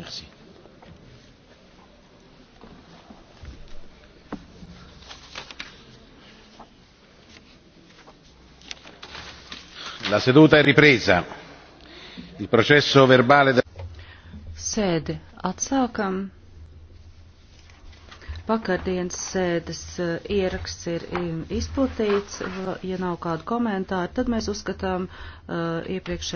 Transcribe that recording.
Merci. La seduta è ripresa. Il processo verbale de... Sēdi atsākam. Vakardienas sēdes eh, ieraksts ir eh, izplatīts. Ja nav kādu komentāru, tad mēs uzskatām uh, eh, iepriekšēju.